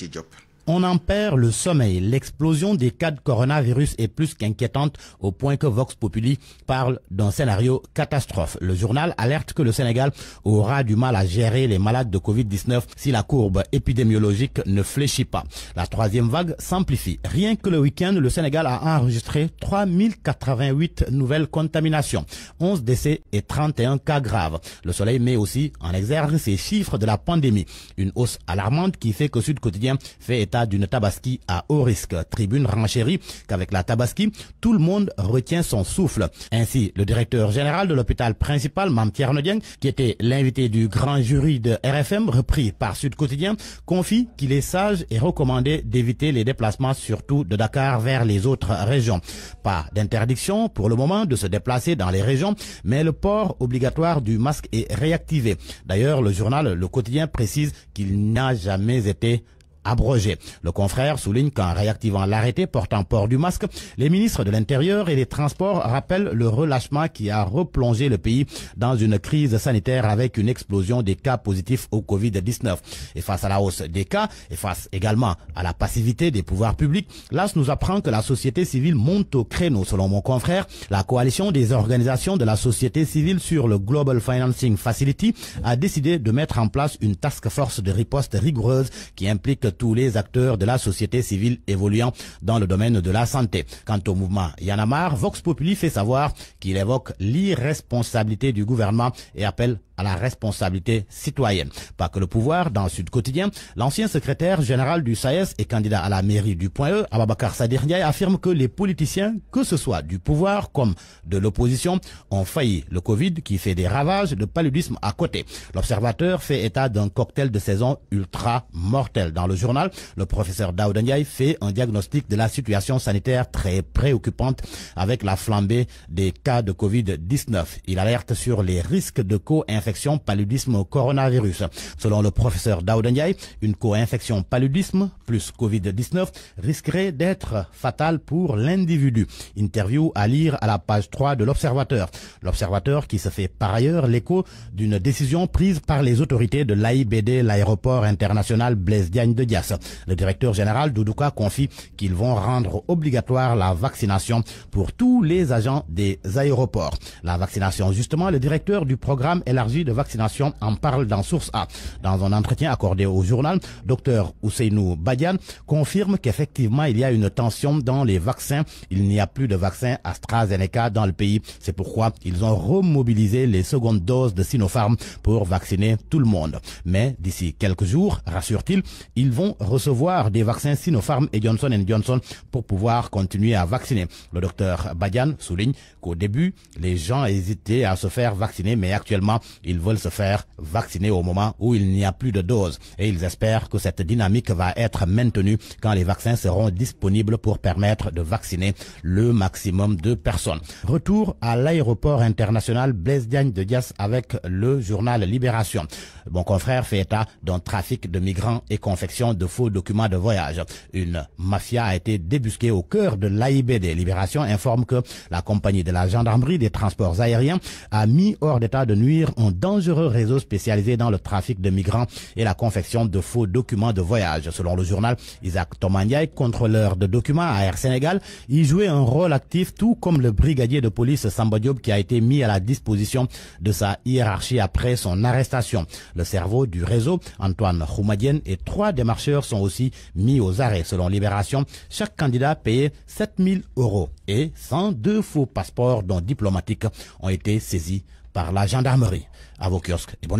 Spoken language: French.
ci Diop. On en perd le sommeil. L'explosion des cas de coronavirus est plus qu'inquiétante au point que Vox Populi parle d'un scénario catastrophe. Le journal alerte que le Sénégal aura du mal à gérer les malades de Covid-19 si la courbe épidémiologique ne fléchit pas. La troisième vague s'amplifie. Rien que le week-end, le Sénégal a enregistré 3088 nouvelles contaminations, 11 décès et 31 cas graves. Le soleil met aussi en exergue ces chiffres de la pandémie. Une hausse alarmante qui fait que Sud Quotidien fait état d'une tabaski à haut risque. Tribune renchérie qu'avec la tabaski, tout le monde retient son souffle. Ainsi, le directeur général de l'hôpital principal, Mam Nodien, qui était l'invité du grand jury de RFM, repris par Sud Quotidien, confie qu'il est sage et recommandé d'éviter les déplacements, surtout de Dakar vers les autres régions. Pas d'interdiction pour le moment de se déplacer dans les régions, mais le port obligatoire du masque est réactivé. D'ailleurs, le journal Le Quotidien précise qu'il n'a jamais été abrogé. Le confrère souligne qu'en réactivant l'arrêté portant port du masque, les ministres de l'Intérieur et des Transports rappellent le relâchement qui a replongé le pays dans une crise sanitaire avec une explosion des cas positifs au Covid-19. Et face à la hausse des cas et face également à la passivité des pouvoirs publics, l'AS nous apprend que la société civile monte au créneau. Selon mon confrère, la coalition des organisations de la société civile sur le Global Financing Facility a décidé de mettre en place une task force de riposte rigoureuse qui implique tous les acteurs de la société civile évoluant dans le domaine de la santé. Quant au mouvement Yanamar, Vox Populi fait savoir qu'il évoque l'irresponsabilité du gouvernement et appelle à la responsabilité citoyenne. Pas que le pouvoir, dans le Sud Quotidien, l'ancien secrétaire général du SAES e et candidat à la mairie du Point E, Ababakar Sadir affirme que les politiciens, que ce soit du pouvoir comme de l'opposition, ont failli le Covid qui fait des ravages, de paludisme à côté. L'observateur fait état d'un cocktail de saison ultra mortel. Dans le journal, le professeur Daoud fait un diagnostic de la situation sanitaire très préoccupante avec la flambée des cas de Covid-19. Il alerte sur les risques de co-infection infection paludisme coronavirus. Selon le professeur Ndiaye, une co-infection paludisme plus Covid-19 risquerait d'être fatale pour l'individu. Interview à lire à la page 3 de l'Observateur. L'Observateur qui se fait par ailleurs l'écho d'une décision prise par les autorités de l'AIBD, l'aéroport international Blaise Diagne de Dias. Le directeur général Doudouka confie qu'ils vont rendre obligatoire la vaccination pour tous les agents des aéroports. La vaccination, justement, le directeur du programme élargi de vaccination en parle dans Source A. Dans un entretien accordé au journal, docteur Ouseinou Badian confirme qu'effectivement il y a une tension dans les vaccins. Il n'y a plus de vaccins AstraZeneca dans le pays. C'est pourquoi ils ont remobilisé les secondes doses de Sinopharm pour vacciner tout le monde. Mais d'ici quelques jours, rassure-t-il, ils vont recevoir des vaccins Sinopharm et Johnson Johnson pour pouvoir continuer à vacciner. Le docteur Badian souligne qu'au début, les gens hésitaient à se faire vacciner, mais actuellement, ils veulent se faire vacciner au moment où il n'y a plus de doses et ils espèrent que cette dynamique va être maintenue quand les vaccins seront disponibles pour permettre de vacciner le maximum de personnes. Retour à l'aéroport international Blaise Diagne de Dias avec le journal Libération. Mon confrère fait état d'un trafic de migrants et confection de faux documents de voyage. Une mafia a été débusquée au cœur de l'AIBD. Libération informe que la compagnie de la gendarmerie des transports aériens a mis hors d'état de nuire un dangereux réseau spécialisé dans le trafic de migrants et la confection de faux documents de voyage. Selon le journal, Isaac Tomaniaï, contrôleur de documents à Air Sénégal, il jouait un rôle actif, tout comme le brigadier de police Samba qui a été mis à la disposition de sa hiérarchie après son arrestation. Le cerveau du réseau, Antoine Roumadienne et trois démarcheurs sont aussi mis aux arrêts. Selon Libération, chaque candidat payait 7000 euros et 102 faux passeports dont diplomatiques ont été saisis par la gendarmerie. À vos kiosques et bonne